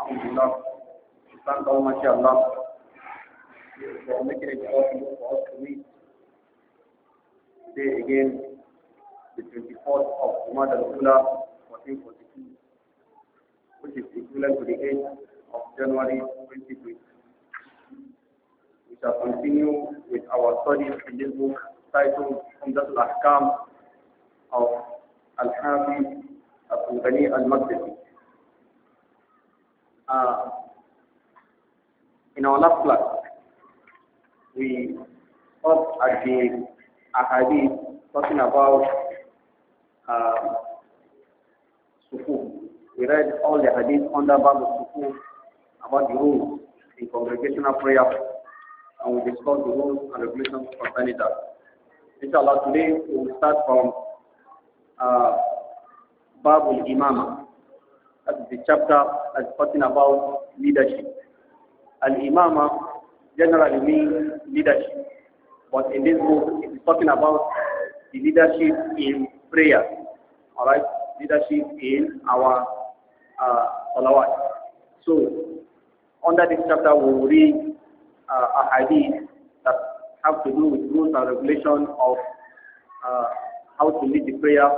Alhamdulillah. We thank Almighty Allah for making it possible for us to meet today again, the 24th of Umar al-Ula, 1442, which is equivalent to the 8th of January 2020. We shall continue with our studies in this book titled Umdat al-Ahkam of Al-Hafiz Abdul Ghani al-Maqdisi uh, in our last class, we stopped at the Ahadith talking about uh, Sufuf. We read all the Hadith under Bab of Sufuf about the rules in congregational prayer and we discuss the rules and regulations concerning that. Inshallah, today we will start from uh, Babul Imama as the chapter is talking about leadership. Al-imama generally means leadership, but in this book it is talking about the leadership in prayer, all right, leadership in our uh, salawat. So, under this chapter we will read uh, a hadith that have to do with rules and regulation of uh, how to lead the prayer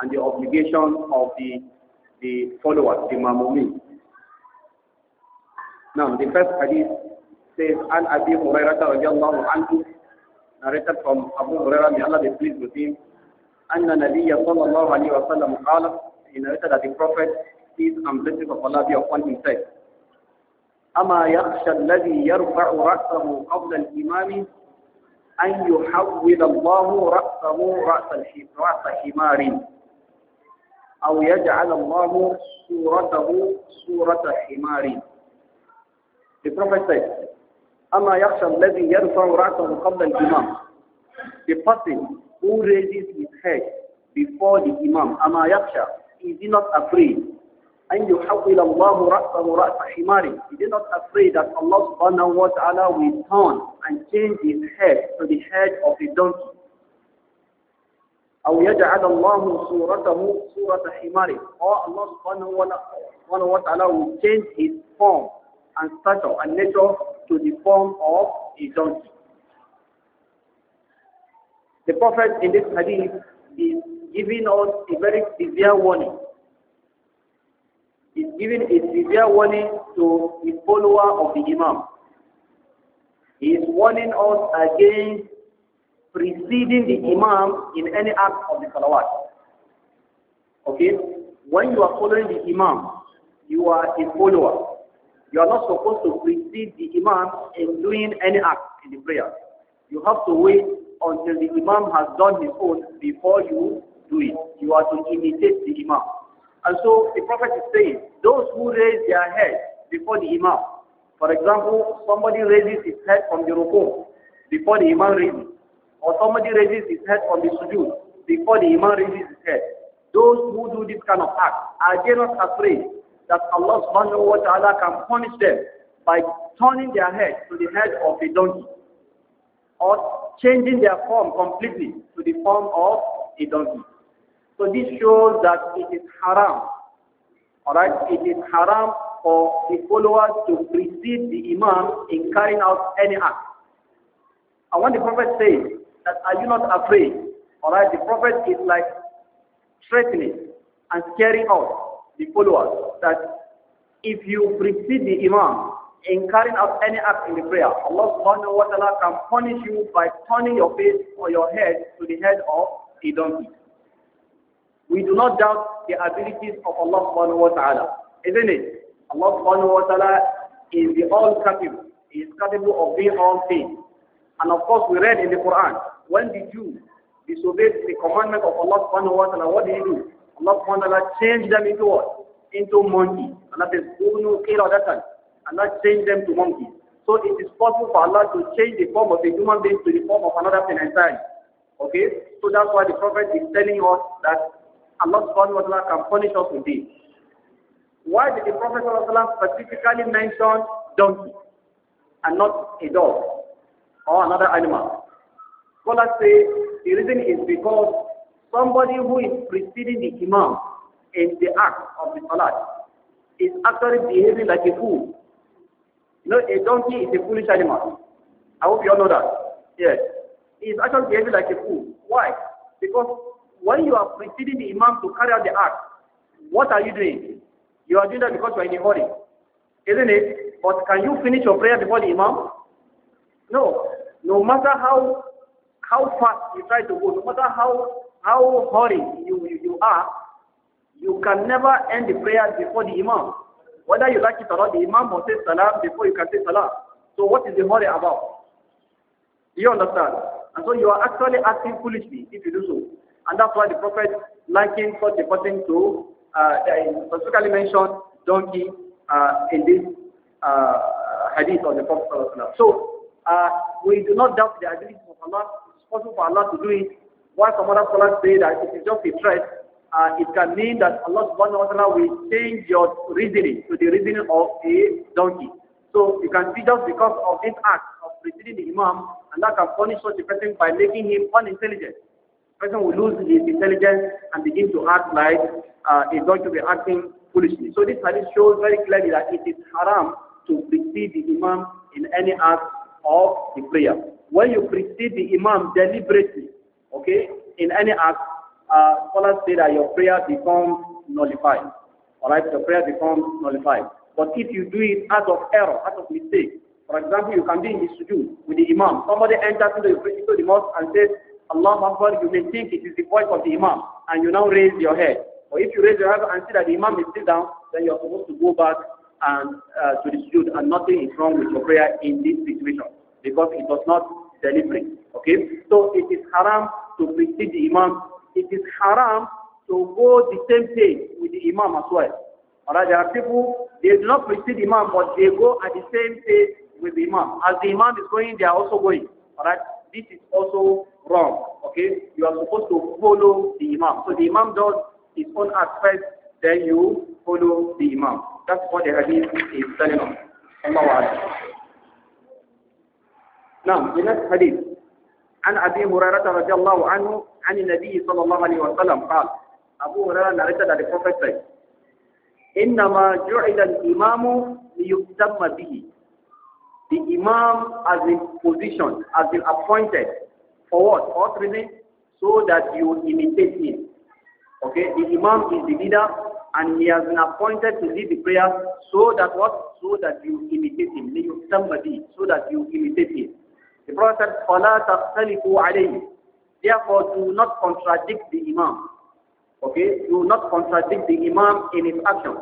and the obligation of the the followers, the Mamumi. Now, the first hadith says, An Abi Hurairah radiallahu anhu, narrated from Abu Hurairah, may Allah be pleased with him, أن النبي صلى الله عليه وسلم قال, he narrated that the Prophet, peace and blessings of Allah be upon him, said, أما يخشى الذي يرفع رأسه قبل الإمام أن يحول الله رأسه رأس حمار أو يجعل الله suratahu surata حمار The Prophet said, أما يخشى الذي يرفع رأسه قبل الإمام The person who raises his head before the imam, أما يخشى is he not afraid? أن يحول الله رأسه رأس حمار Is he not afraid that Allah subhanahu wa ta'ala will turn and change his head to the head of a donkey? أو يجعل الله صورته صورة or Allah subhanahu wa will change his form and stature and nature to the form of a donkey. The Prophet in this hadith is giving us a very severe warning. He's giving a severe warning to the follower of the Imam. He is warning us against preceding the imam in any act of the salawat. Okay? When you are following the imam, you are a follower. You are not supposed to precede the imam in doing any act in the prayer. You have to wait until the imam has done his own before you do it. You are to imitate the imam. And so the Prophet is saying, those who raise their head before the imam, for example, somebody raises his head from the ruku before the imam raises, or somebody raises his head from the sujood before the imam raises his head. Those who do this kind of act, are they not afraid that Allah subhanahu wa ta'ala can punish them by turning their head to the head of a donkey or changing their form completely to the form of a donkey. So this shows that it is haram. Alright, it is haram for the followers to precede the Imam in carrying out any act. And when the Prophet says that are you not afraid? Alright, the prophet is like threatening and scaring out the followers that if you precede the imam in carrying out any act in the prayer, Allah subhanahu wa ta'ala can punish you by turning your face or your head to the head of a donkey. We do not doubt the abilities of Allah subhanahu wa ta'ala, isn't it? Allah subhanahu wa ta'ala is the all capable. He is capable of doing all things. And of course we read in the Quran when the Jew disobeyed the commandment of Allah subhanahu wa ta'ala, what did he do? Allah subhanahu wa ta'ala changed them into what? Into monkeys. Allah says, Ubnu qiradatan. Allah changed them to monkeys. So it is possible for Allah to change the form of a human being to the form of another thing entirely. Okay? So that's why the Prophet is telling us that Allah subhanahu wa ta'ala can punish us with this. Why did the Prophet specifically mention donkey and not a dog or another animal? Scholars say the reason is because somebody who is preceding the imam in the act of the salat is actually behaving like a fool. You know, a donkey is a foolish animal. I hope you all know that. Yes. He is actually behaving like a fool. Why? Because when you are preceding the imam to carry out the act, what are you doing? You are doing that because you are in a hurry. Isn't it? But can you finish your prayer before the imam? No. No matter how how fast you try to go, no matter how, how hurry you, you, you are, you can never end the prayer before the imam. Whether you like it or not, the imam must say salam before you can say salam. So what is the hurry about? Do you understand? And so you are actually acting foolishly if you do so. And that's why the Prophet likened such a person to, uh, specifically mentioned donkey uh, in this uh, hadith of the Prophet. So uh, we do not doubt the ability of Allah possible for Allah to do it. While some other scholars say that it is just a threat, uh, it can mean that Allah subhanahu wa ta'ala will change your reasoning to the reasoning of a donkey. So you can see just because of this act of preceding the Imam, Allah can punish such a person by making him unintelligent. The person will lose his intelligence and begin to act like uh, a donkey will be acting foolishly. So this hadith shows very clearly that it is haram to precede the Imam in any act of the prayer when you precede the imam deliberately, okay, in any act, uh, scholars say that your prayer becomes nullified. All right, your prayer becomes nullified. But if you do it out of error, out of mistake, for example, you can be in the sujood with the imam. Somebody enters into the, into the mosque and says, Allah Akbar, you may think it is the voice of the imam, and you now raise your head. Or if you raise your head and see that the imam is still down, then you are supposed to go back and uh, to the sujood, and nothing is wrong with your prayer in this situation because it was not deliberate. Okay? So it is haram to precede the Imam. It is haram to go the same page with the Imam as well. Alright, there are people, they do not precede Imam, but they go at the same page with the Imam. As the Imam is going, they are also going. Alright? This is also wrong. Okay? You are supposed to follow the Imam. So the Imam does his own aspect, then you follow the Imam. That's what the hadith is telling us. Allah نعم من الحديث عن أبي هريرة رضي الله عنه عن النبي صلى الله عليه وسلم قال أبو هريرة narrated that the إنما جعل الإمام ليتم به The Imam as been position, as been appointed for what? For what So that you imitate him. Okay, the Imam is the leader and he has been appointed to lead the prayer so that what? So that you imitate him. Somebody, so that you imitate him. The Prophet said, فَلَا Therefore, do not contradict the Imam. Okay? Do not contradict the Imam in his action.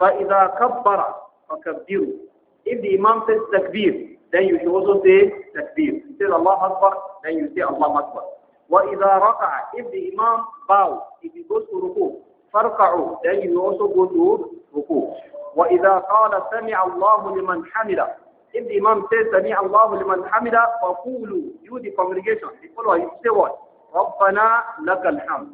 فَإِذَا كَبَّرَ فَكَبِّرُوا If the Imam says takbir, then you should also say takbir. He says Allah Akbar, then you say Allah Akbar. وَإِذَا رَقَعَ If the Imam bows, if he goes to ruku, Then you also go to ruku. وَإِذَا قَالَ سَمِعَ اللَّهُ لِمَنْ حَمِدَ if the Imam says, Sami Allahu liman hamida, faqulu, you the congregation, the follower, you say what? Rabbana lakal hamd.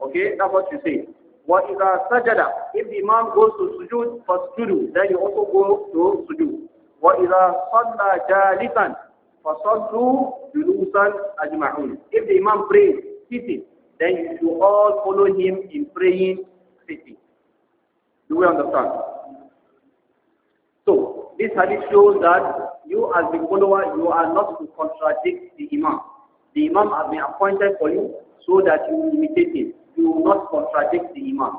Okay, that's what you say. وَإِذَا سَجَدَ If the Imam goes to sujood, فَسْجُدُ Then you also go to sujood. وَإِذَا صَلَّى جَالِسًا فَصَلُّوا جُلُوسًا أَجْمَعُونَ If the Imam prays, sitting, then you should all follow him in praying, sitting. Do we understand? So, this hadith shows that you as the follower, you are not to contradict the Imam. The Imam has been appointed for you so that you imitate him. You will not contradict the Imam.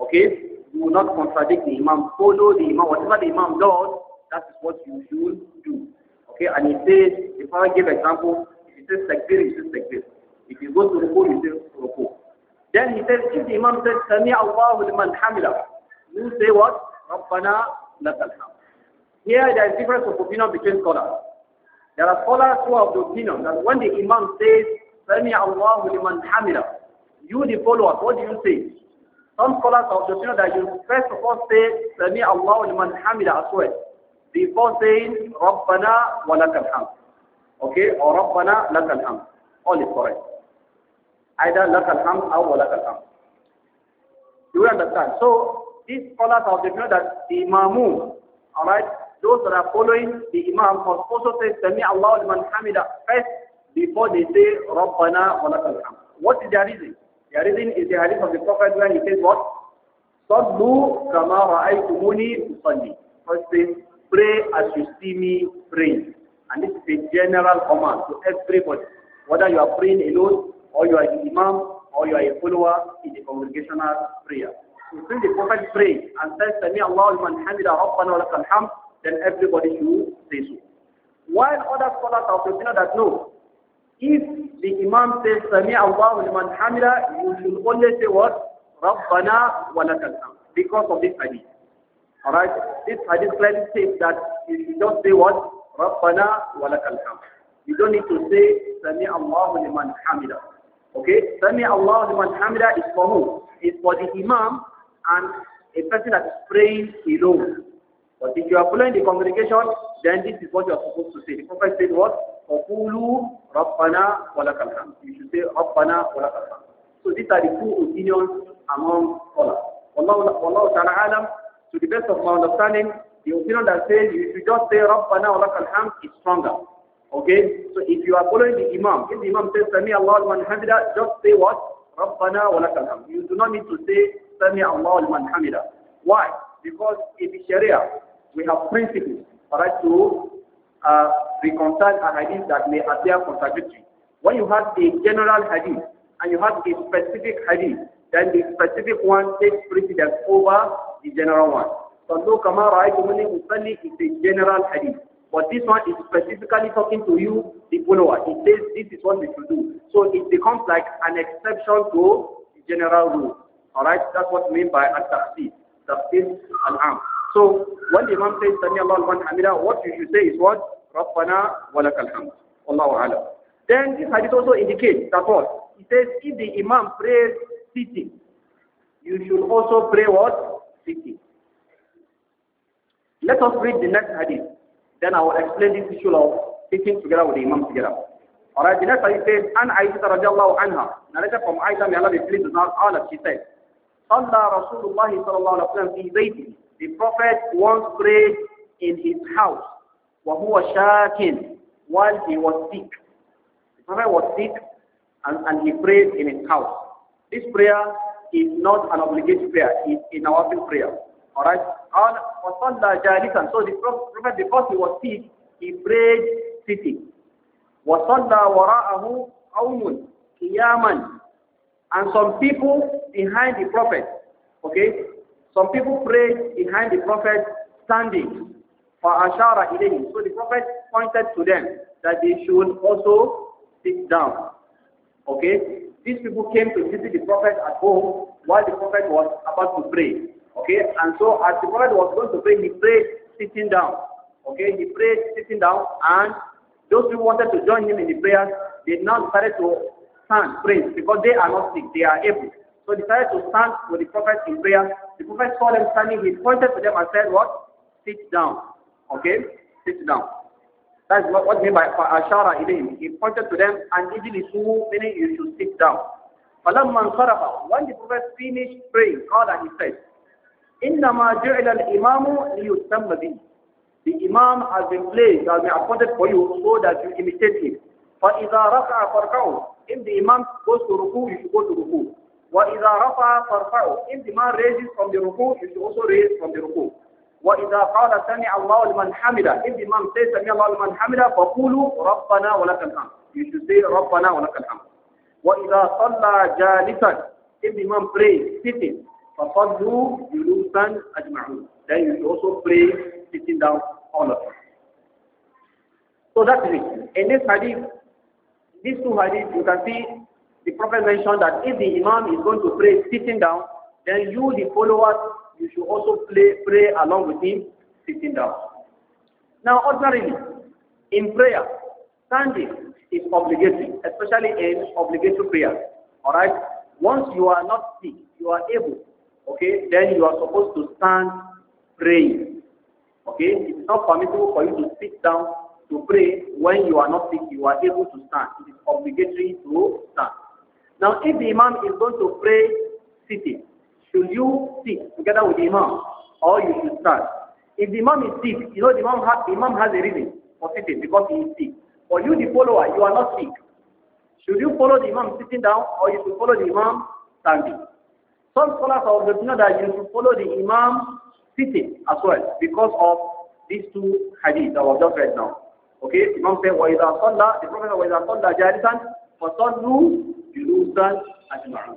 Okay? You will not contradict the Imam. Follow the Imam. Whatever the Imam does, that is what you should do. Okay? And he says, if I give example, if he says takbir, he says takbir. If you go to ruku, you say ruku. Then he says, if the Imam says, Sami Allahu man hamila, you say what? ربنا لك الحمد. Here there is difference of opinion between scholars. There are scholars who have the opinion that when the Imam says, Sami Allahu liman hamida, you the followers, what do you say? Some scholars of the opinion that you first of all say, Sami Allahu liman hamida as well, before saying, Rabbana wa lakal hamd. Okay, or Rabbana lakal hamd. All is correct. Either lakal hamd or wa lakal hamd. Do you understand? So, these scholars of the opinion that the Imamun, alright, those that are following the Imam must also say Sami Allah liman hamida first before they say Rabbana wa lakal What is their reason? Their reason is the hadith of the Prophet when he says what? Sallu kama ra'aytumuni usalli. First thing, pray as you see me praying. And this is a general command to everybody. Whether you are praying alone, or you are an imam, or you are a follower in the congregational prayer. So when the Prophet prayed and said, Sami Allah liman hamida Rabbana wa hamd, then everybody should say so. While other scholars of the opinion that no, if the Imam says Sami Allahu liman hamida, you should only say what? Rabbana wa lakal because of this hadith. Alright, this hadith clearly says that you should just say what? Rabbana wa lakal You don't need to say Sami Allahu liman hamida. Okay, Sami Allahu liman hamida is for who? It's for the Imam and a person that is praying alone. But if you are following the congregation, then this is what you are supposed to say. The Prophet said what? فَقُولُوا رَبَّنَا وَلَكَ الْحَمْدُ You should say Rabbana, وَلَكَ So these are the two opinions among scholars. Allah ta'ala alam, to the best of my understanding, the opinion that says you should just say Rabbana, وَلَكَ الْحَمْدُ is stronger. Okay? So if you are following the Imam, if the Imam says Sami Allahu liman hamida, just say what? Rabbana, وَلَكَ الْحَمْدُ You do not need to say Sami Allahu liman hamida. Why? because in the Sharia, we have principles for us to uh, reconcile a hadith that may appear contradictory. When you have a general hadith and you have a specific hadith, then the specific one takes precedence over the general one. So no kama ra'aytumuni usalli is a general hadith. But this one is specifically talking to you, the follower. It says this is what we should do. So it becomes like an exception to the general rule. Alright, that's what I mean by at-taqsid tafsir al-am. So when the Imam says Sami Allah al Hamida, what you should say is what? Rabbana wa hamd. Allahu alam. Then this hadith also indicates that what? He says if the Imam prays sitting, you should also pray what? Sitting. Let us read the next hadith. Then I will explain this issue of sitting together with the Imam together. Alright, the next hadith says, An Aisha radiallahu anha, narrated from Aisha, may Allah be pleased with her, Allah, she said, sallallahu alayhi wa The Prophet once prayed in his house. وَهُوَ shakin While he was sick. The Prophet was sick and, and he prayed in his house. This prayer is not an obligatory prayer. It's our nawafil prayer. Alright? وَصَلَّى جَالِسًا So the Prophet, because he was sick, he prayed sitting. وَصَلَّى وَرَاءَهُ قَوْمٌ قِيَامًا And some people behind the prophet. Okay? Some people prayed behind the prophet standing. For Ashara So the prophet pointed to them that they should also sit down. Okay? These people came to visit the prophet at home while the prophet was about to pray. Okay? And so as the prophet was going to pray, he prayed sitting down. Okay? He prayed sitting down and those who wanted to join him in the prayers, they now started to stand, pray, because they are not sick, they are able. So they decided to stand with the prophet in prayer. The prophet saw them standing. He pointed to them and said, what? Sit down. Okay? Sit down. That's what, what mean by Ashara Ilayhim. He pointed to them and Ijlisu, meaning you should sit down. When the prophet finished praying, God and he said, إِنَّمَا جُعِلَ imamu لِيُسَمَّ بِهِ The imam has been placed, has been appointed for you so that you imitate him. فَإِذَا رَفْعَ فَرْقَعُ If the imam goes to ruku, you should go to ruku. وَإِذَا رَفَعَ فَارْفَعُوا If the man raises from the ruku, you should also raise from the ruku. وَإِذَا قَالَ سَمِعَ اللَّهُ لِمَنْ حَمِدَهُ If the man says سَمِعَ اللَّهُ لِمَنْ حَمِدَهُ فَقُولُوا رَبَّنَا وَلَكَ الْحَمْدُ You should say رَبَّنَا وَلَكَ الْحَمْدُ وَإِذَا صَلَّى جَالِسًا If the man prays sitting, فَصَلُّوا جُلُوسًا أَجْمَعُونَ Then you should also pray sitting down all of So that's it. In this hadith, these two hadiths, you can see the Prophet mentioned that if the Imam is going to pray sitting down, then you, the followers, you should also play, pray along with him sitting down. Now, ordinarily, in prayer, standing is obligatory, especially in obligatory prayer. All right? Once you are not sick, you are able, okay, then you are supposed to stand praying. Okay? It is not permissible for you to sit down to pray when you are not sick, you are able to stand. It is obligatory to stand. Now, if the Imam is going to pray sitting, should you sit together with the Imam or you should stand? If the Imam is sick, you know the Imam has, the imam has a reason for sitting because he is sick. For you, the follower, you are not sick. Should you follow the Imam sitting down or you should follow the Imam standing? Some scholars are of the opinion that you should follow the Imam sitting as well because of these two hadiths that were just read now. Okay, Imam said, وَإِذَا صَلَّى The Prophet said, وَإِذَا صَلَّى جَالِسًا فَصَلُّوا for أجمعون.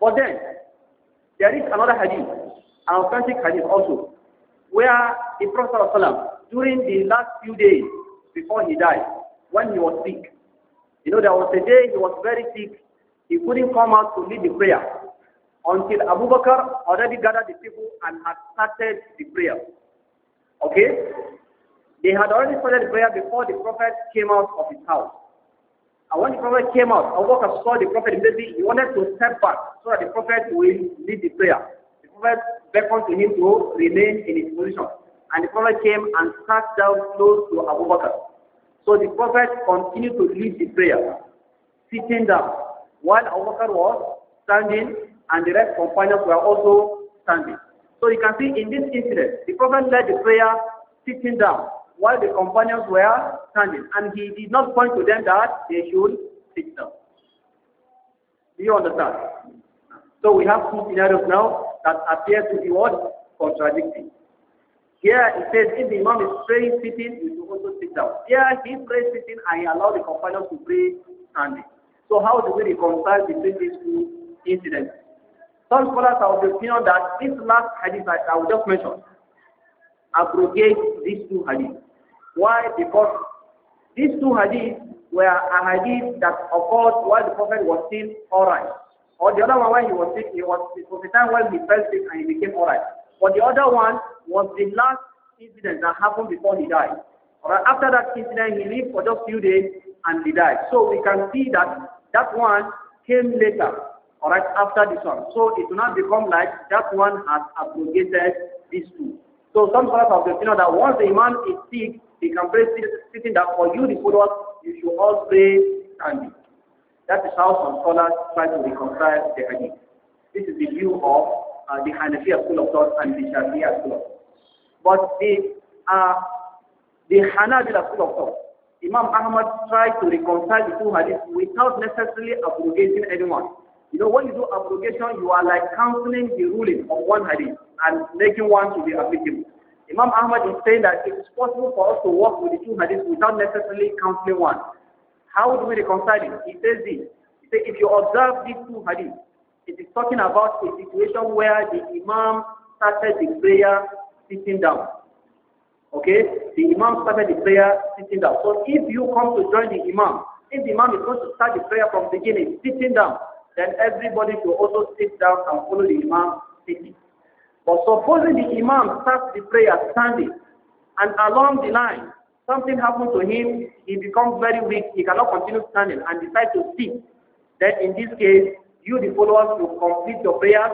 But then, there is another hadith, an authentic hadith also, where the Prophet ﷺ, during the last few days before he died, when he was sick, you know, there was a day he was very sick, he couldn't come out to lead the prayer until Abu Bakr already gathered the people and had started the prayer. Okay? They had already started prayer before the Prophet came out of his house. And when the Prophet came out, Abu Bakr saw the Prophet immediately, he wanted to step back so that the Prophet will lead the prayer. The Prophet beckoned to him to remain in his position. And the Prophet came and sat down close to Abu Bakr. So the Prophet continued to lead the prayer, sitting down, while Abu Bakr was standing and the rest companions were also standing. So you can see in this incident, the Prophet led the prayer sitting down while the companions were standing. And he did not point to them that they should sit down. Do you understand? So we have two scenarios now that appear to be what? Contradicting. Here it says, if the Imam is praying sitting, you should also sit down. Here he prays sitting and he allowed the companions to pray standing. So how do we reconcile between these two incidents? Some scholars are of the opinion that this last hadith that I will just mention abrogates these two hadiths. Why? Because these two hadith were a hadith that occurred while the Prophet was still alright. Or the other one when he was sick, he was, it was the time when he fell sick and he became alright. But the other one was the last incident that happened before he died. Alright, after that incident, he lived for just few days and he died. So we can see that that one came later, alright, after this one. So it will not become like that one has abrogated these two. So some scholars have you know that once the Imam is sick, he can pray sitting down. For you, the followers, you should all pray standing. That is how some scholars try to reconcile the hadith. This is the view of uh, the Hanafiya school of thought and the Shafiya school of thought. But the, uh, the Hanabila school of thought, Imam Ahmad tried to reconcile the two hadiths without necessarily abrogating anyone. You know, when you do abrogation, you are like cancelling the ruling of one hadith and making one to be applicable. Imam Ahmad is saying that it is possible for us to work with the two hadiths without necessarily counting one. How do we reconcile it? He says this. He says, if you observe these two hadiths, it is talking about a situation where the Imam started the prayer sitting down. Okay? The Imam started the prayer sitting down. So if you come to join the Imam, if the Imam is going to start the prayer from the beginning, sitting down, then everybody should also sit down and follow the Imam sitting. But supposing the imam starts the prayer standing, and along the line, something happens to him, he becomes very weak, he cannot continue standing, and decides to sit. Then in this case, you the followers will complete your prayer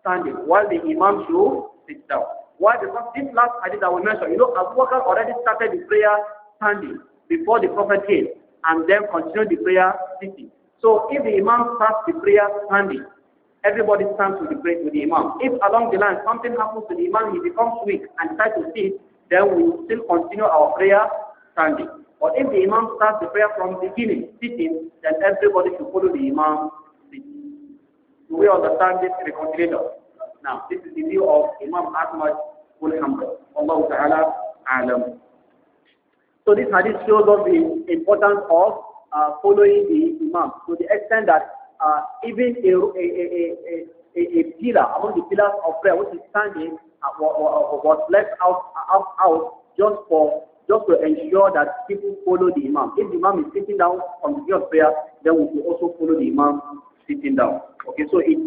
standing, while the imam should sit down. Why? Because this last hadith I will mention, you know, Abu Bakr already started the prayer standing before the Prophet came, and then continued the prayer sitting. So if the imam starts the prayer standing, Everybody stands with the with the Imam. If along the line something happens to the Imam, he becomes weak and tries to sit, then we still continue our prayer standing. But if the Imam starts the prayer from the beginning, sitting, then everybody should follow the Imam sitting. we understand this reconciliation. Now, this is the view of Imam Ahmad Ulhamdul. Allah Ta'ala Alam. So this hadith shows us the importance of uh, following the Imam to the extent that uh, even a, a, a, a, a, pillar, among the pillars of prayer, which is standing, uh, was left out, uh, out, out just for just to ensure that people follow the imam. If the imam is sitting down on the day of prayer, then we will also follow the imam sitting down. Okay, so it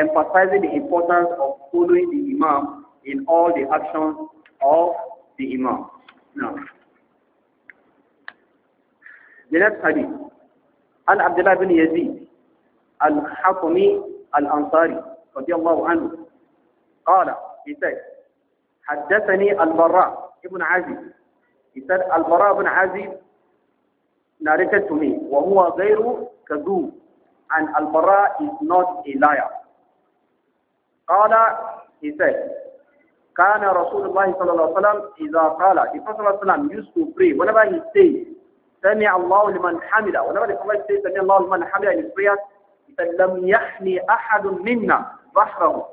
emphasizing the importance of following the imam in all the actions of the imam. Now, the next hadith. عن عبد bin Yazid. الحطمي الأنصاري رضي الله عنه قال إساء حدثني البراء ابن عزيز إساء البراء بن عزيز narrated وهو غير كذوب and البراء is not a liar قال he said كان رسول الله صلى الله عليه وسلم إذا قال the Prophet صلى الله عليه وسلم used to pray whenever he says سمع الله لمن حمده whenever the Prophet says سمع الله لمن حمده in his prayers لَمْ يَحْنِ أَحَدٌ مِنَّا بَحْرَهُ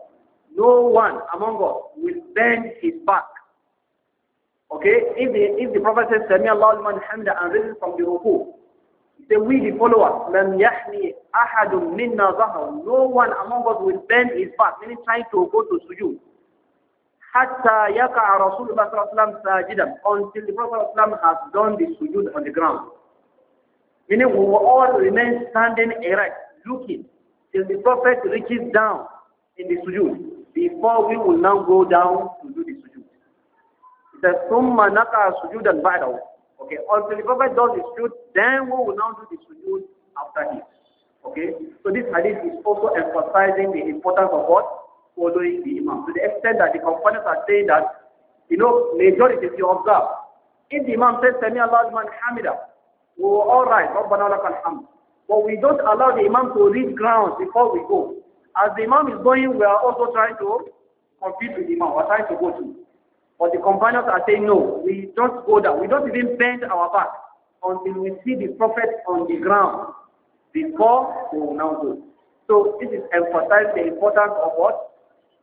No one among us will bend his back. Okay, if the, if the Prophet says, سَمِيَ اللَّهُ لِمَنْ حَمْدَ and risen from the ruku, then we the followers, لَمْ يَحْنِ أَحَدٌ مِنَّا ظَهْرَهُ No one among us will bend his back, meaning trying to go to sujood. حَتَّى يَقَعَ رَسُولُ اللَّهِ صَلَّى اللَّهُ عَلَيْهِ وَسَلَّمْ Until the Prophet has done the sujood on the ground. Meaning we will all remain standing erect looking till the Prophet reaches down in the sujood before we will now go down to do the sujood. It says, ثُمَّ نَقَعَ and بَعْدَهُ Okay, until the Prophet does the sujood, then we will now do the sujood after him. Okay, so this hadith is also emphasizing the importance of what? Following the Imam. To the extent that the companions are saying that, you know, majority, if you observe, if the Imam says, Sami Allah man hamida, we will all rise, Rabbana but we don't allow the imam to reach ground before we go. As the imam is going, we are also trying to compete with the imam. We are trying to go too, But the companions are saying, no, we don't go down. We don't even bend our back until we see the prophet on the ground before we will now go. So this is emphasized the importance of what?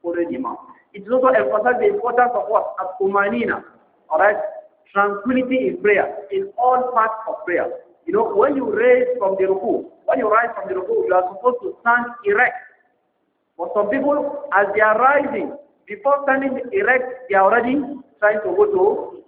Following the imam. It's also emphasized the importance of what? At-Umanina. Alright? Tranquility in prayer, in all parts of prayer. You know, when you raise from the ruku, when you rise from the ruku, you are supposed to stand erect. But some people, as they are rising, before standing erect, they are already trying to go to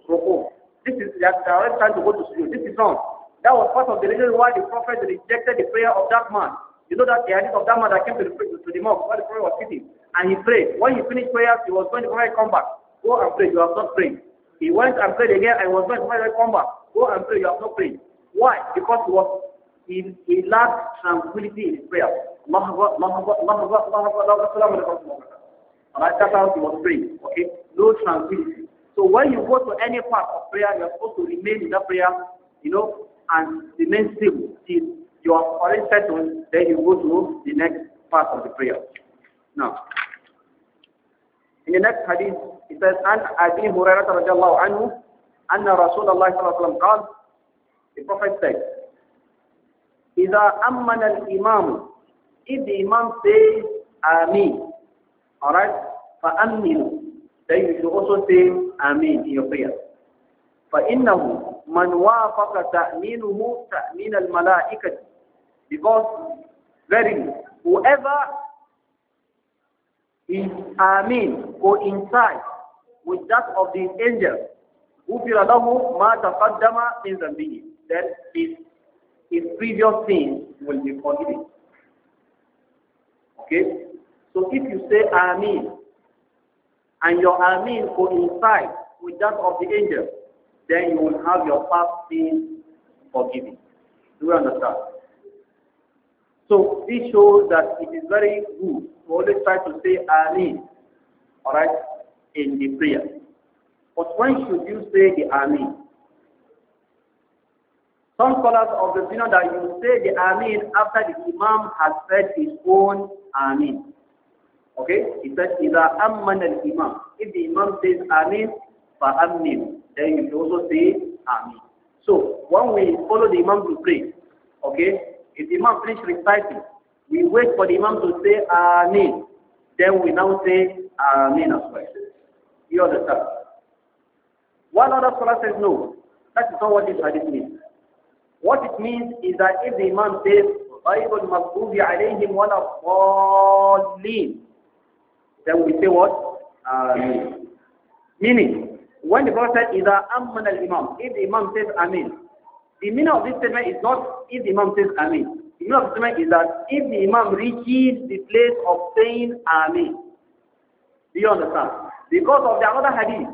ruku. This is, they are already trying to go to sleep. This is wrong. That was part of the reason why the prophet rejected the prayer of that man. You know that the hadith of that man that came to the, to the mosque while the prayer was sitting. And he prayed. When he finished prayer, he was going to pray, come back. Go and pray. You have not prayed. He went and prayed again and was going to pray, come back. Go and pray. You have not prayed. Why? Because he was in he large tranquility in prayer. and I he was praying. Okay? No tranquility. So when you go to any part of prayer, you are supposed to remain in that prayer, you know, and remain stable till you are already settled, then you go to the next part of the prayer. Now, in the next hadith, it says, "And Abi Hurairah radhiyallahu anhu, anna Rasulullah sallallahu alaihi wasallam qala the Prophet said, amman al Imam If the Imam says, Ameen, alright, فَأَمِّنُوا Then you should also say, Ameen in your prayer. فَإِنَّهُ مَنْ وَافَقَ تَأْمِينُهُ تَأْمِينَ الْمَلَائِكَةِ Because, verily, whoever is Ameen coincides with that of the angel, غُفِرَ لَهُ مَا تَقَدَّمَ مِنْ ذَنْبِهِ that his, his previous sins will be forgiven. Okay? So if you say Ameen, and your Ameen coincides with that of the angel, then you will have your past sins forgiven. Do you understand? So this shows that it is very good to always try to say Ameen, alright, in the prayer. But when should you say the Ameen? Some scholars of the opinion that you say the Amin after the Imam has said his own Amin. Okay? He said, إِذَا أَمَّنَ Imam. If the Imam says Amin, فَأَمِّن Then you also say Amin. So, when we follow the Imam to pray, okay? If the Imam finishes reciting, we wait for the Imam to say Amin. Then we now say Amin as well. You understand? One other scholar says no. That is not what this hadith means. What it means is that if the Imam says, غَيْرُ الْمَغْضُوبِ عَلَيْهِمْ وَلَا الضَّالِّينَ Then we say what? Ameen. Uh, meaning, when the Prophet said, إِذَا أَمَّنَ imam," If the Imam says Ameen, the meaning of this statement is not if the Imam says Ameen. The meaning of this statement is that if the Imam reaches the place of saying Ameen. Do you understand? Because of the other hadith,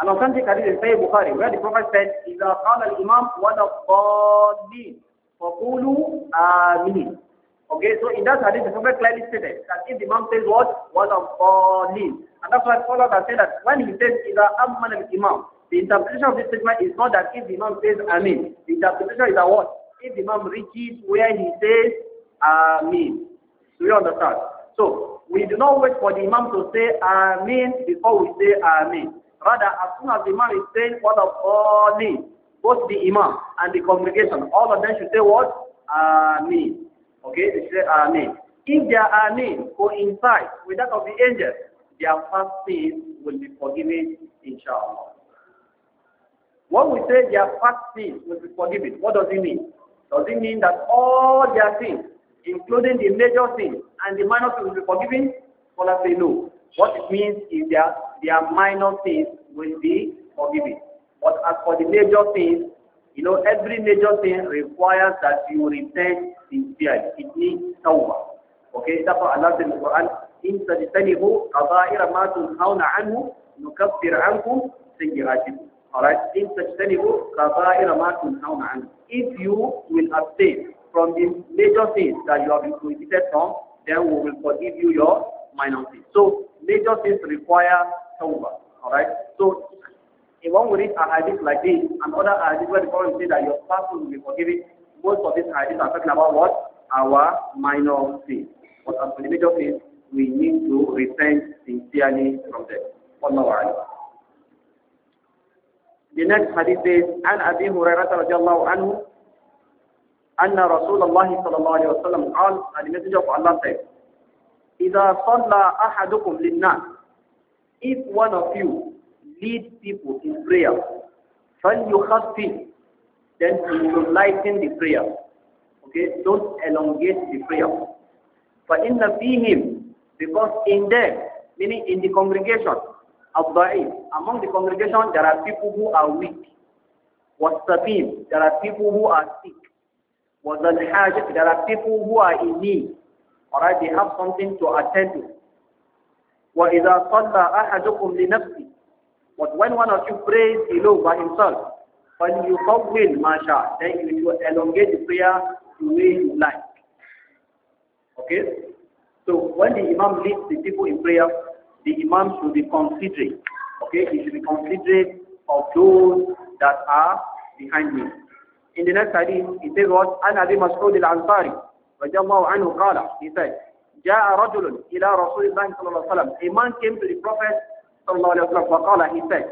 an authentic hadith in Sahih Bukhari where the Prophet said, إِذَا قَالَ الْإِمَامُ وَلَا الضَّالِّينَ فَقُولُوا آمِينَ Okay, so in that hadith, the Prophet clearly stated that if the Imam says what? What of And that's why scholars have said that when he says Ida Imam, the interpretation of this statement is not that if the Imam says Amin. The interpretation is that what? If the Imam reaches where he says Amin. So you understand? So we do not wait for the Imam to say Amin before we say Amin. Rather, as soon as the man is saying what of all both the imam and the congregation, all of them should say what? Ameen. Okay, they should say Ameen. If their Ameen coincides with that of the angels, their past sins will be forgiven, inshallah. When we say their past sins will be forgiven, what does it mean? Does it mean that all their sins, including the major sins and the minor sins, will be forgiven? Scholars say no. What it means is that their minor sins will be forgiven. But as for the major sins, you know, every major sin requires that you repent sincerely. It needs tawbah. Okay, that's what Allah said in the Quran. إن تجتنبوا كبائر ما تنهون عنه نكفر عنكم سيئاتكم. Alright, إن تجتنبوا كبائر ما تنهون عنه. If you will abstain from the major sins that you have been prohibited from, then we will forgive you your minor sins. So major sins require tawbah. Alright? So, when we read a hadith like this, and other hadith where the Quran says that your past will be forgiven, most of these hadiths are talking about what? Our minor sins. But as for the major sins, we need to repent sincerely from them. Allah Allah. The next hadith says, "An abi هريرة رضي الله عنه أن رسول الله صلى الله عليه وسلم قال, and the messenger of Allah said, إِذَا صَلَّى أَحَدُكُمْ لِلنَّاسِ If one of you leads people in prayer, فَلْيُخَفِّ Then he lighten the prayer. Okay, don't elongate the prayer. فَإِنَّ فِيهِمْ Because in them, meaning in the congregation, of among the congregation, there are people who are weak. وَالسَّبِيمْ There are people who are sick. وَالْحَاجِ There are people who are in need. All right, they have something to attend to. وَإِذَا صَلَّى أَحَدُكُمْ لِنَفْسِهِ But when one of you prays below by himself, when you come in, شَاءَ Then you will elongate the prayer the way you like. Okay? So when the imam leads the people in prayer, the imam should be considerate. Okay? He should be considerate of those that are behind him. In the next hadith, it says what? An Abi Mas'ud al-Ansari. رضي الله عنه قال he said جاء رجل إلى رسول الله صلى الله عليه وسلم a man came to the prophet صلى الله عليه وسلم فقال he said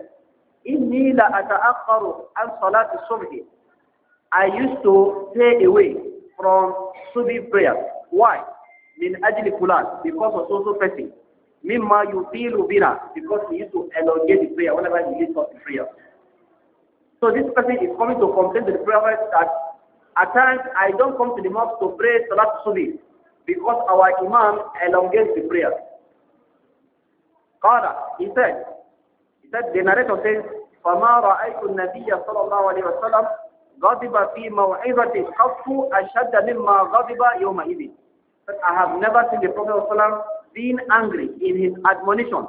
إني لا أتأخر عن صلاة الصبح I used to stay away from Subi prayer. Why? من أجل fulan, because of social person. مما yufilu bina, because he used to elongate the prayer whenever he leads up the prayer. So this person is coming to complain to the prophet that at times, I don't come to the mosque to pray Salat Subi because our Imam elongates the prayer. قال he said he said the narrator says فما رأيت النبي صلى الله عليه وسلم غضب في موعظة قط أشد مما غضب يومئذ but I have never seen the Prophet ﷺ being angry in his admonition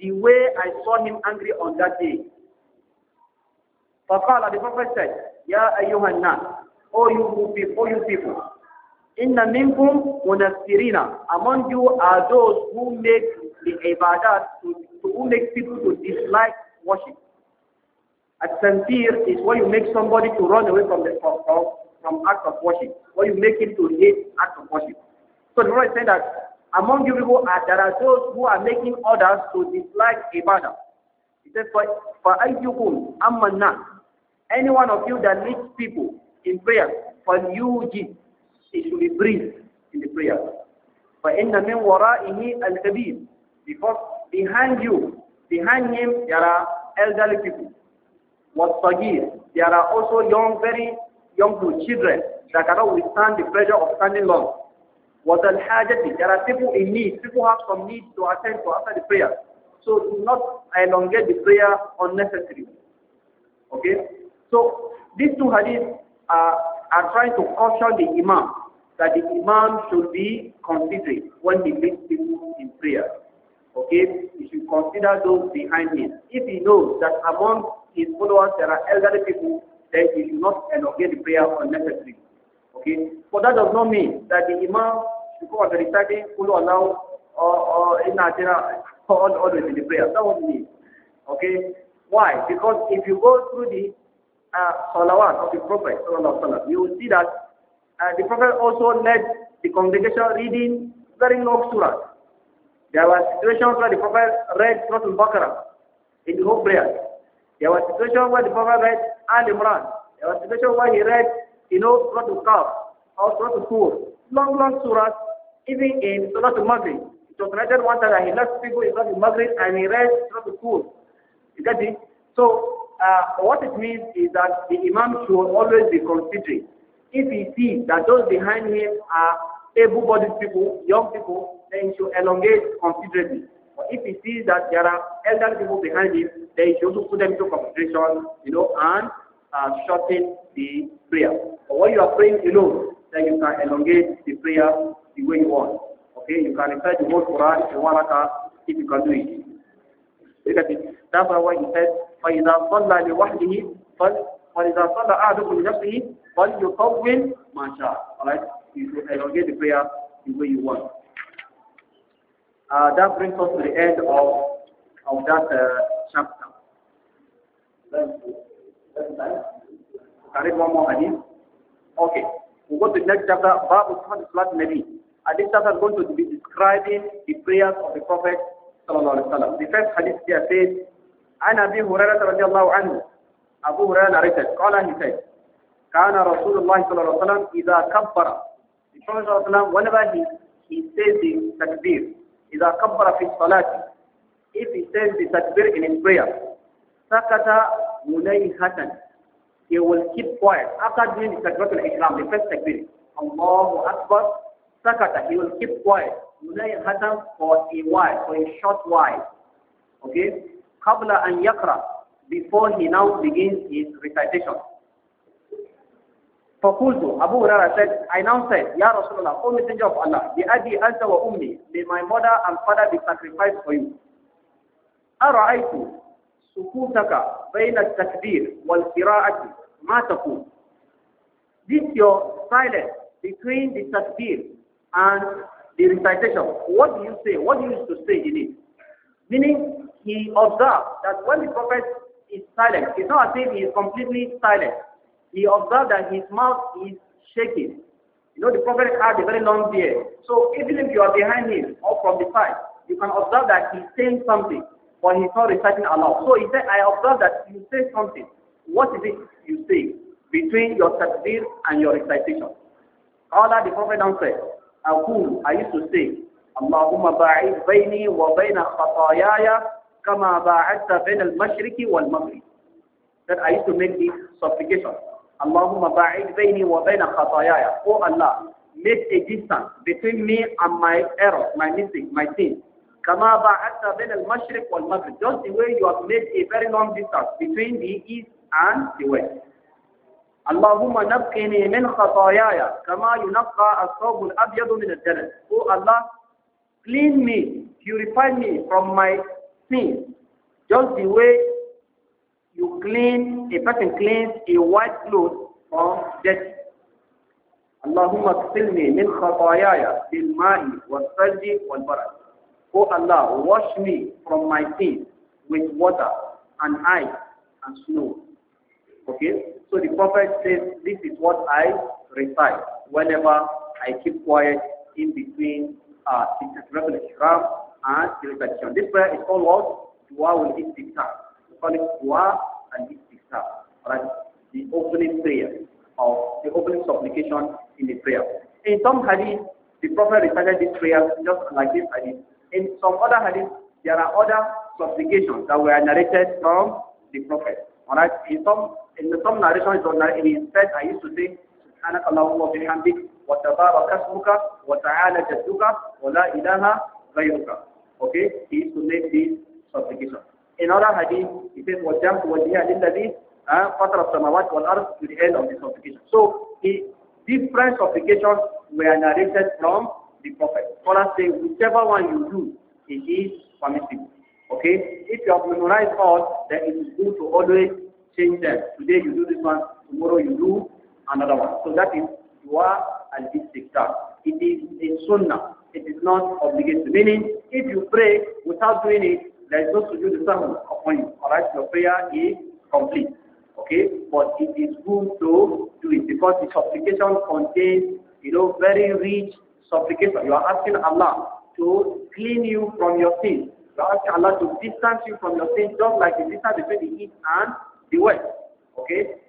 the way I saw him angry on that day. فقال the Prophet said, يا أيها الناس all you people, all you people. Inna minkum munafirina. Among you are those who make the ibadat, to, who make people to dislike worship. At-tanfir is when you make somebody to run away from the from, from act of worship, or you make him to hate act of worship. So the Lord is saying that among you people are, there are those who are making others to dislike ibadah. He says, for, for ayyukum amman Any one of you that leads people in prayer. فَلْيُوجِدْ It should be brief in the prayer. فَإِنَّ مِنْ وَرَائِهِ الْكَبِيرِ Because behind you, behind him, there are elderly people. وَالصَّغِيرِ There are also young, very young people, children that cannot withstand the pressure of standing long. وَالْحَاجَةِ There are people in need. People have some need to attend to after the prayer. So do not elongate the prayer unnecessarily. Okay? So these two hadiths are, are trying to caution the imam that the imam should be considerate when he leads people in prayer. Okay, he should consider those behind him. If he knows that among his followers there are elderly people, then he should not elongate the prayer unnecessarily. Okay, but that does not mean that the imam should go on the reciting, follow allow, or, or in Nigeria, always in the prayer. That would not mean. Okay, why? Because if you go through the uh, salawat of the Prophet You will see that uh, the Prophet also led the congregation reading very long surah. There were situations where the Prophet read Surah Al-Baqarah in the whole prayer. There were situations where the Prophet read Al Imran. There were situations where he read, you know, Surah Al-Kaf or Surah al Long, long surahs, even in Surah Al-Maghrib. It was related one time that he left people in Surah Al-Maghrib and he read Surah Al-Sur. You get it? So, uh, what it means is that the Imam should always be considering. If he sees that those behind him are able-bodied people, young people, then he should elongate considerably. But if he sees that there are elderly people behind him, then he should also put them into consideration, you know, and uh, shorten the prayer. But what you are praying you know, then you can elongate the prayer the way you want. Okay, you can recite the whole Quran in one to, if you can do it. Look at it. That's why he says, فإذا صلى لوحده فل فإذا صلى أحدكم لنفسه فليطول ما شاء. Alright, you elongate the prayer the way you want. Uh, that brings us to the end of of that uh, chapter. Can read one more hadith? Okay. we will go to the next chapter, Bab Sahad Salat Nabi. And this chapter is going to be describing the prayers of the Prophet Sallallahu Alaihi Wasallam. The first hadith here says, عن أبي هريرة رضي الله عنه أبو هريرة نريته قال أنه كيف كان رسول الله صلى الله عليه وسلم إذا كبر رسول الله صلى الله عليه وسلم تكبير إذا كبر في الصلاة if he says the takbir in his prayer سكت مليهة he will keep quiet أكاد من تكبير الإسلام the first takbir الله أكبر سكت he will keep quiet مليهة for a while for a short while okay qabla an yaqra before he now begins his recitation. فَقُلْتُ Abu Huraira said, I now said, Ya Rasulullah, O Messenger of Allah, bi abi anta wa ummi, may my mother and father be sacrificed for you. أَرَأَيْتُ سُكُوتَكَ بَيْنَ التَّكْبِيرِ وَالْقِرَاءَةِ ma taqul. This your silence between the takbir and the recitation. What do you say? What do you used to say in it? Meaning, he observed that when the prophet is silent, it's not as if he is completely silent. He observed that his mouth is shaking. You know, the prophet had a very long beard. So even if you are behind him or from the side, you can observe that he's saying something, but he's not reciting aloud. So he said, I observed that you say something. What is it you say between your takbir and your recitation? Allah, the prophet answered, I used to say, اللهم باعد بيني وبين خطاياي kama ba'adta بين al والمغرب wal that I used to make the supplication Allahumma ba'id baini wa bain khataaya oh Allah make a distance between me and my error my mistake my sin kama ba'adta بين al والمغرب wal just the way you have made a very long distance between the east and the west اللهم نقني من خطاياي كما ينقى الثوب الابيض من الدنس oh Allah clean me purify me from my Just the way you clean, a person cleans a white cloth from dirty. اللهم اغسلني من خطاياي بالماء والثلج والبرد. Oh Allah, wash me from my sins with water and ice and snow. Okay? So the Prophet says, this is what I recite whenever I keep quiet in between uh, the Ram and ah, recitation. This prayer is called Dua will istiqsar. We call it Dua and istiqsar. Alright? The opening prayer or the opening supplication in the prayer. In some hadith, the Prophet recited this prayer just like this hadith. In some other hadith, there are other supplications that were narrated from the Prophet. Alright? In some in some narration in his said, I used to say, سبحانك اللهم وبحمدك وتبارك اسمك وتعالى جدك ولا إله غيرك okay, is to make this supplication. In other hadith, it says, وَالْجَمْتُ وَالْجِهَا of قَطْرَ السَّمَوَاتِ earth to the end of the supplication. So, he, different supplications were narrated from the Prophet. Scholars say, whichever one you do, it is permissible. Okay? If you have memorized all, then it is good to always change them. Today you do this one, tomorrow you do another one. So that is dua al-istiktar. It is a sunnah it is not obligatory. Meaning, if you pray without doing it, there is no sujood sahwi upon you. Alright, your prayer is complete. Okay, but it is good to do it because the supplication contains, you know, very rich supplication. You are asking Allah to clean you from your sins. You are asking Allah to distance you from your sins, just like the distance between the east and the west. Okay,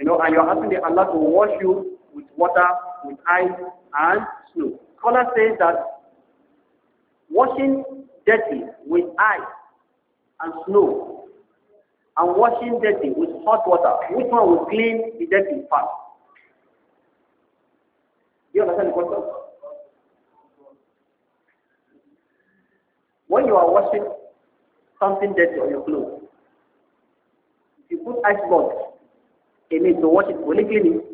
you know, and you are asking Allah to wash you with water, with ice, and snow scholar says that washing dirty with ice and snow and washing dirty with hot water, which one will clean the dirty part? Do you understand the question? When you are washing something dirty on your clothes, if you put ice box in it to wash it, will it clean it?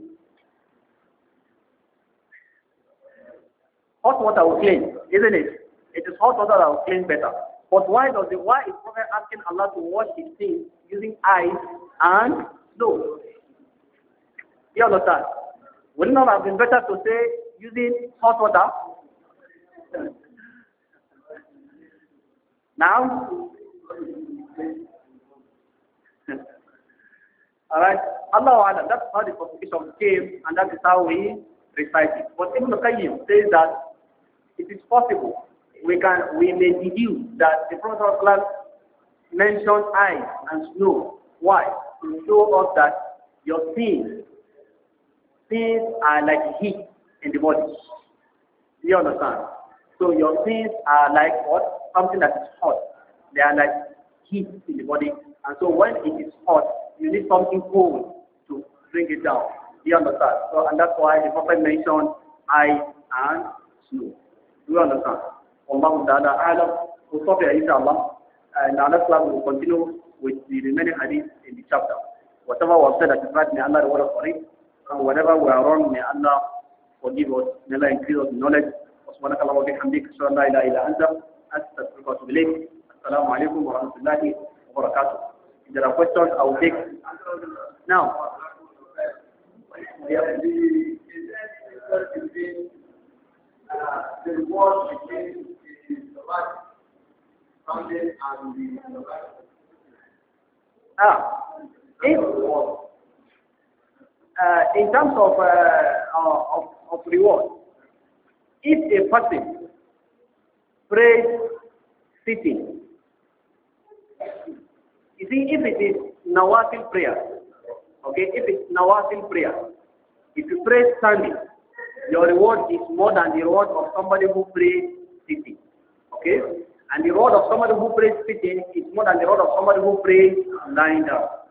Hot water will clean, isn't it? It is hot water that will clean better. But why does the why is Prophet asking Allah to wash his sins using ice and snow? You understand? Would it not have been better to say using hot water? now? Alright, Allah that's how the proposition came and that is how we recite it. But Ibn Qayyim says that it is possible we can we may deduce that the Prophet class mentioned ice and snow. Why? To show us that your sins, sins are like heat in the body. You understand? So your sins are like what? Something that is hot. They are like heat in the body. And so when it is hot, you need something cold to bring it down. You understand? So and that's why the Prophet mentioned ice and snow. Do you understand? Wallahu ta'ala alam. We'll stop here inshallah. Eh, and our next class will continue with the remaining hadith in the chapter. Whatever was said at the right, may Allah reward us for it. And whatever we are wrong, may Allah forgive us. May Allah increase us in knowledge. سبحانك اللهم وبحمدك اشهد ان لا اله الا انت استغفرك واتوب اليك السلام عليكم ورحمه الله وبركاته if there are questions i will take now yeah uh, the war between the Slovak family and the Slovak. Ah, if, uh, in terms of, uh, uh, of, of reward, if a person prays sitting, you see, if it is nawafil prayer, okay, if it's nawafil prayer, if you pray standing, your reward is more than the reward of somebody who prays sitting. Okay? And the reward of somebody who prays sitting is more than the reward of somebody who prays lying down.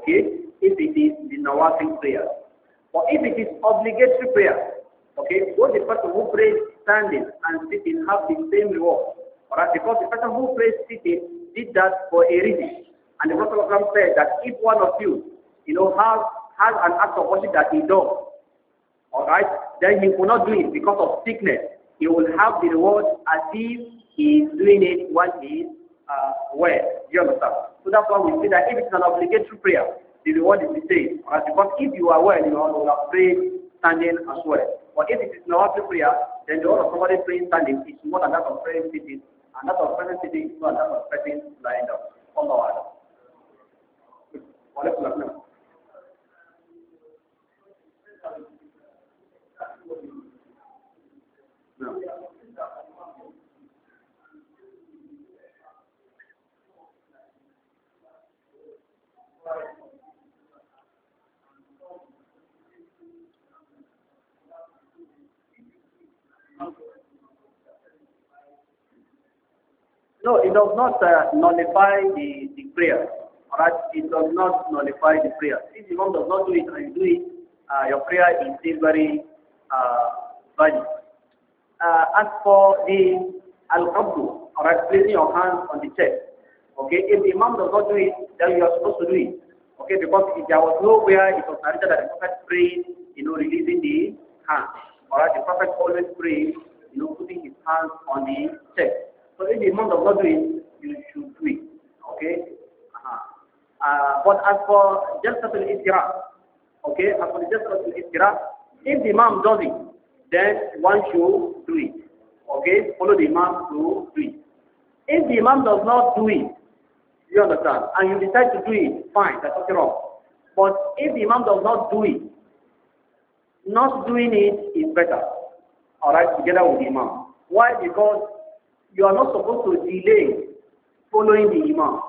Okay? If it is the Nawafil prayer. Or if it is obligatory prayer. Okay? Both the person who prays standing and sitting have the same reward. Alright? Because the person who prays sitting did that for a reason. And the Prophet said that if one of you, you know, has, has an act of worship that he does, Alright? Then he will not do it because of sickness. He will have the reward as if he is doing it while he is uh, well. You understand? So that's why we say that if it's an obligatory prayer, the reward is the same. But Because if you are well, you will have prayed standing as well. But if it is not obligatory prayer, then the reward of somebody praying standing is more than that of praying sitting, and that of praying sitting is more than that of praying lying down. Allah Allah. No, it does not uh, nullify the, the prayer. Alright, it does not nullify the prayer. If you want does not do it and you do it, uh, your prayer is still very uh, valid uh, as for the al-qabdu, or placing your hands on the chest, okay, if the Imam does not do it, then you are supposed to do it, okay, because if there was nowhere it was narrated that the Prophet prayed, you know, releasing the hand, or the Prophet always prayed, you know, putting his hands on the chest. So if the Imam does not do it, you should do it, okay. Uh -huh. uh, but as for just as al okay, as for just as al if the Imam does it, then one should do it. Okay, follow the Imam to do it. If the Imam does not do it, you understand, and you decide to do it, fine, that's okay wrong. But if the Imam does not do it, not doing it is better. Alright, together with the Imam. Why? Because you are not supposed to delay following the Imam.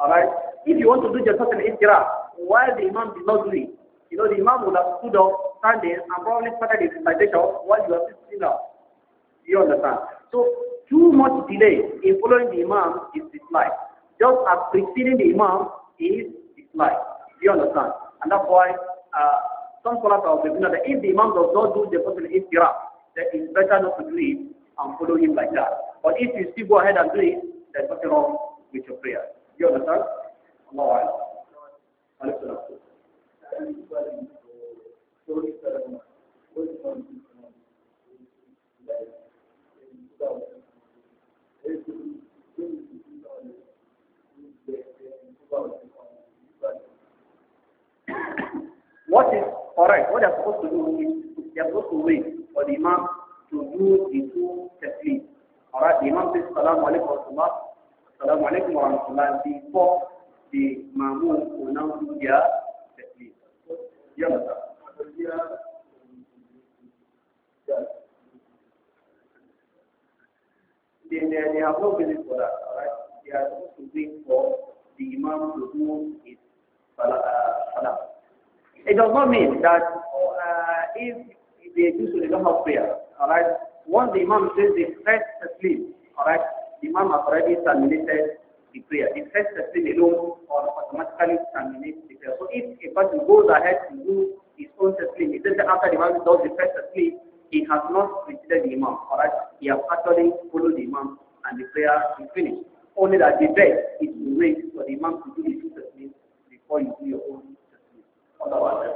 Alright? If you want to do just an ikra, while the Imam did not do it, you know, the Imam would have stood up standing and probably started his citation while you are sitting down. You understand? So too much delay in following the Imam is dislike. Just as preceding the Imam is dislike. You understand? And that's why uh, some scholars have of the that if the Imam does not do the person istira, then it's better not to do it and follow him like that. But if you still go ahead and do it, there's nothing wrong with your prayer. You understand? Allah. Allah. What is correct, what they are supposed to do is they are supposed to wait for the Imam to do the two tasleem. Alright, the Imam says, Salaam alaikum wa Salaam alaikum wa before the Mahmoud will now do their You understand? have no for that, alright? They are supposed for the Imam to do his uh, salah. It does not mean that uh, if they do so, they don't have prayer, alright? Once the Imam says the first taslim, alright, the Imam has already terminated the prayer. The first taslim alone or automatically terminates the prayer. So if a person goes ahead to do his own taslim, it does after the Imam does the first taslim, he has not preceded the Imam, alright? He has actually followed the Imam and the prayer is finished. Only that the best is to for the Imam to do his two testimonies before you do your own testimony. Otherwise,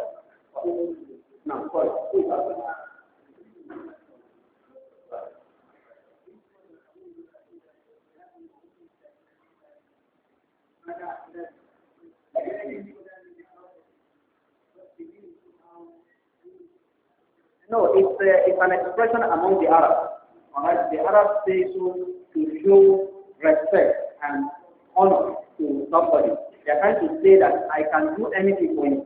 No, it's, uh, it's an expression among the Arabs. Alright, the Arabs say so to show respect and honor to somebody. They're trying to say that I can do anything for you.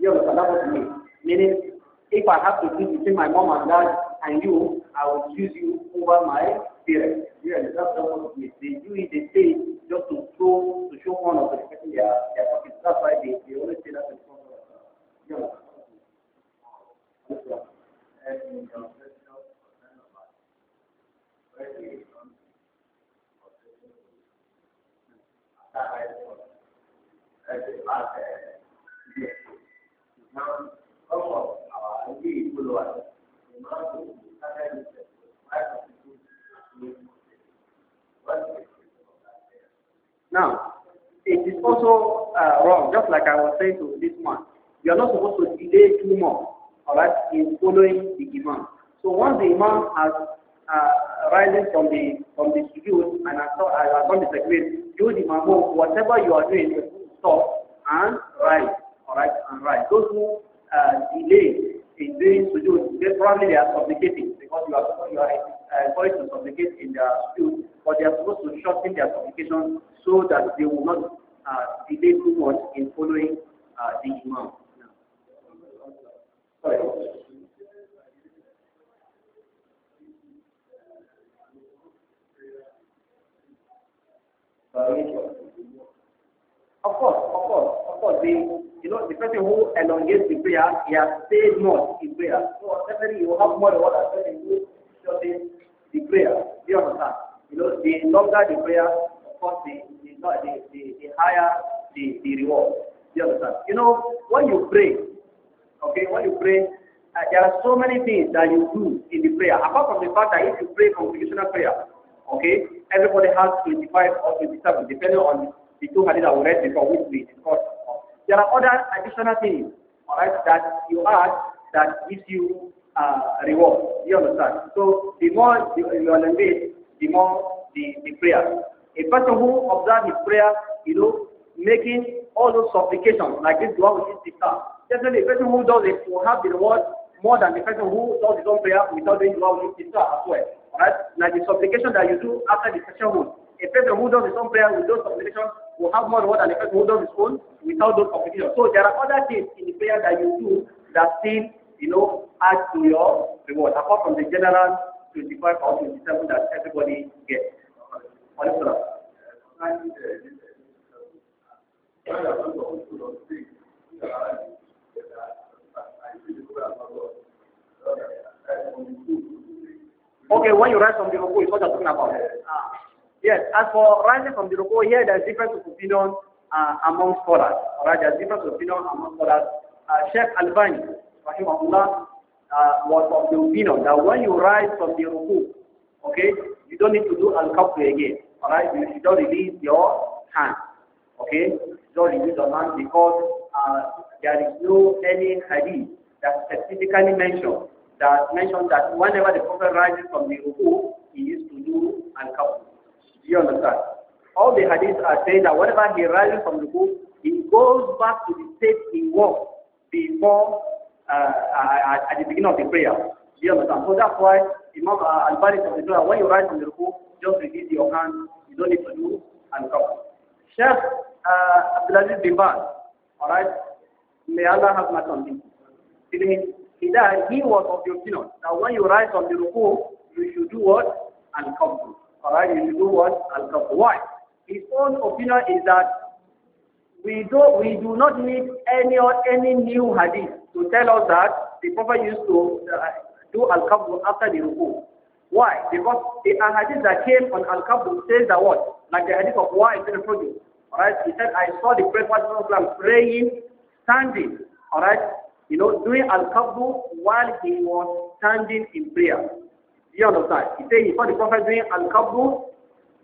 You understand that what I Meaning, if I have to choose between my mom and dad and you, I will choose you over my parents. You understand that what I mean? They do it, they say it just to show, to show honor to the person they are, they are talking. That's why they, they always say that to the person. You understand? Thank you. Now, it is also uh, wrong, just like I was saying to this man. You are not supposed to delay too much, alright, in following the Imam. So once the Imam has uh, rising from the from the sujood and I saw I was on the takbir, Do the mamu, whatever you are doing, stop and rise. Alright, and rise. Those who uh, delay in doing sujood, they probably they are supplicating because you are you are encouraged uh, to supplicate in their sujood, but they are supposed to shorten their supplication so that they will not uh, delay too much in following uh, the imam. Yeah. Sorry. Of course, of course, of course, the you know the person who elongates the prayer, he has stayed more in prayer. So definitely you have more than what a person who the prayer. Do you understand? You know, the longer the prayer, of course the the the, the, the higher the, the reward. Do you understand? You know, when you pray, okay, when you pray, uh, there are so many things that you do in the prayer, apart from the fact that if you pray congregational prayer, okay, everybody has 25 or 27, depending on the two hadith I read before, which we discussed. There are other additional things, all right, that you add that gives you uh, reward. You understand? So the more you are engaged, the more the, the prayer. A person who observes his prayer, you know, making all those supplications, like this one with his sister, definitely a person who does it will have the reward more than the person who does his own prayer without doing the one with his sister as well. Right? Like the supplication that you do after the session A person who does his own prayer with those supplications will have more reward than a person who does his own without those supplications. So there are other things in the prayer that you do that still, you know, add to your reward, apart from the general 25 or 27 that everybody gets. Thank you. Okay, when you rise from the ruku is what you're talking about. it. Ah. Yes, as for rising from the ruku, here there's difference of opinion uh, among scholars. Alright, there's difference of opinion among scholars. Uh, Sheikh Albani, Rahimahullah, uh, was of the opinion that when you rise from the ruku, okay, you don't need to do al-kafu again. Alright, you do not release your hand. Okay, don't release your hand because uh, there is no any hadith that specifically mentions that mentioned that whenever the Prophet rises from the ruku, he is to do and come. Do you understand? All the hadiths are saying that whenever he rises from the ruku, he goes back to the state he was before uh, at, the beginning of the prayer. Do you understand? So that's why Imam Al-Bari of the prayer, when you rise from the ruku, just release your hand. You don't need to do and come. Sheikh uh, Abdulaziz Bin all right? May Allah have mercy on him. He, died, he was of the opinion that when you rise from the ruku, you should do what? Al-Qabdu. Alright, you should do what? Al-Qabdu. Why? His own opinion is that we do, we do not need any or any new hadith to tell us that the Prophet used to uh, do Al-Qabdu after the ruku. Why? Because the hadith that came on Al-Qabdu says that what? Like the hadith of why in the Prophet. Alright, he said, I saw the Prophet praying standing. Alright, you know, doing al-kabdu while he was standing in prayer. Do you understand? He said he saw the Prophet doing al-kabdu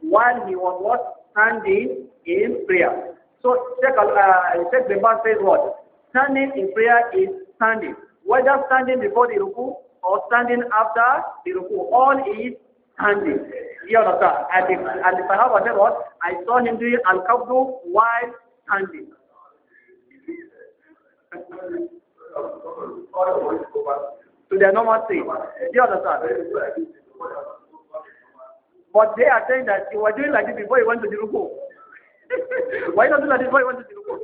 while he was what? Standing in prayer. So Sheikh, uh, the Bimba says what? Standing in prayer is standing. Whether standing before the ruku or standing after the ruku, all is standing. Do you understand? And the, and have Sahaba said what? I saw him doing al-kabdu while standing. To their normal state. Do you understand? But they are saying that you were doing like this before you went to the ruku. Why not do like this before you went to the ruku?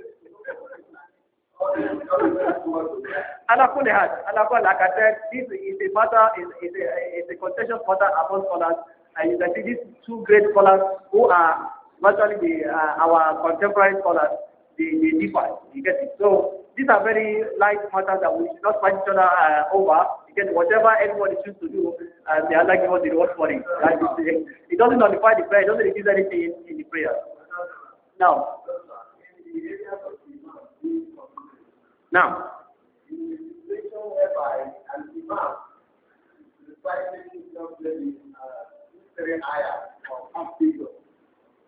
Alakul had, Alakul, like I said, this is a matter, is, is, a, is a contentious matter among scholars. And you can see these two great scholars who are virtually the, uh, our contemporary scholars, they, they differ. You get it? So, these are very light matters that we should not fight each other uh, over. Because whatever anybody chooses to do, uh, are Allah give the reward for it. it, doesn't nullify the prayer, it doesn't reduce anything in, in the prayer. Now, now,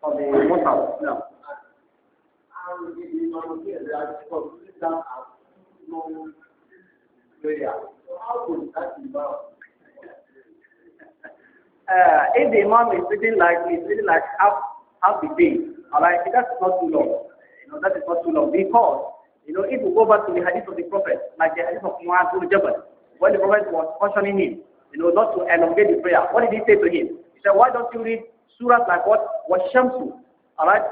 for the Muslim, now. Uh, if the imam is sitting like is sitting like half half the day, alright, that's not too long. You know, that is not too long because you know if we go back to the hadith of the Prophet, like the hadith of Muaz ibn Jabal, when the Prophet was cautioning him, you know, not to elongate the prayer, what did he say to him? He said, Why don't you read surahs like what? Was Shamsu?" alright,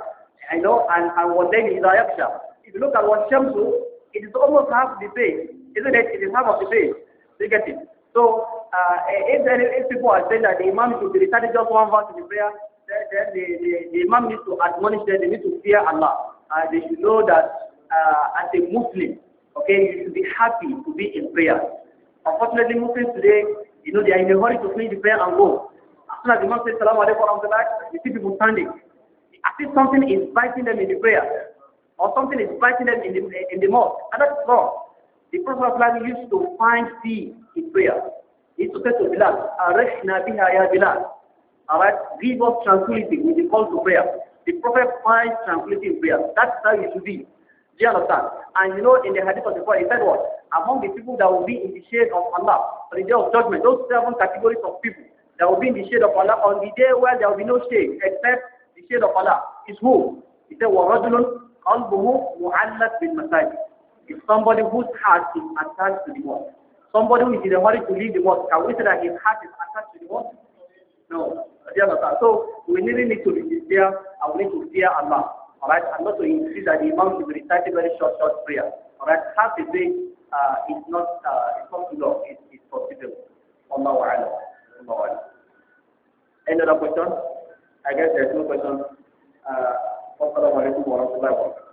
I know, and, and what then is Ayaksha. If you look at what Shamsu, it is almost half the page, isn't it? It is half of the page. You get it? So, uh, if, if people are saying that the Imam should be reciting just one verse in the prayer, then, then the, the, the Imam needs to admonish them, they need to fear Allah. Uh, they should know that uh, as a Muslim, okay, you should be happy to be in prayer. Unfortunately, Muslims today, you know, they are in a hurry to finish the prayer and go. As soon as the Imam says, Salaam alaikum the back. you see people standing as if something is biting them in the prayer or something is biting them in the, in the mouth. And that's wrong. The Prophet of used to find seed in prayer. He used to say to Bilal, Arashna biha ya Bilal. Alright, give us tranquility with the call to prayer. The Prophet finds tranquility in prayer. That's how it should be. Do you understand? And you know, in the hadith of the Prophet, he said what? Among the people that will be in the shade of Allah on the day of judgment, those seven categories of people that will be in the shade of Allah on the day where there will be no shade except instead of Allah is who? He said, وَرَجُلٌ قَلْبُهُ مُعَلَّتْ بِالْمَسَاجِ It's somebody whose heart is attached to the mosque. Somebody who is in a hurry to leave the mosque, can we say that his heart is attached to the mosque? No. So we really need to be sincere and we need to fear Allah. Alright, and not to insist that the Imam should recite a very short, short prayer. Alright, half a day uh, is not, uh, it's not too long, it's, it's possible. Allah wa'ala. Allah wa'ala. Any other question? I guess there's no two questions. Uh, Assalamu alaikum wa rahmatullahi wa barakatuh.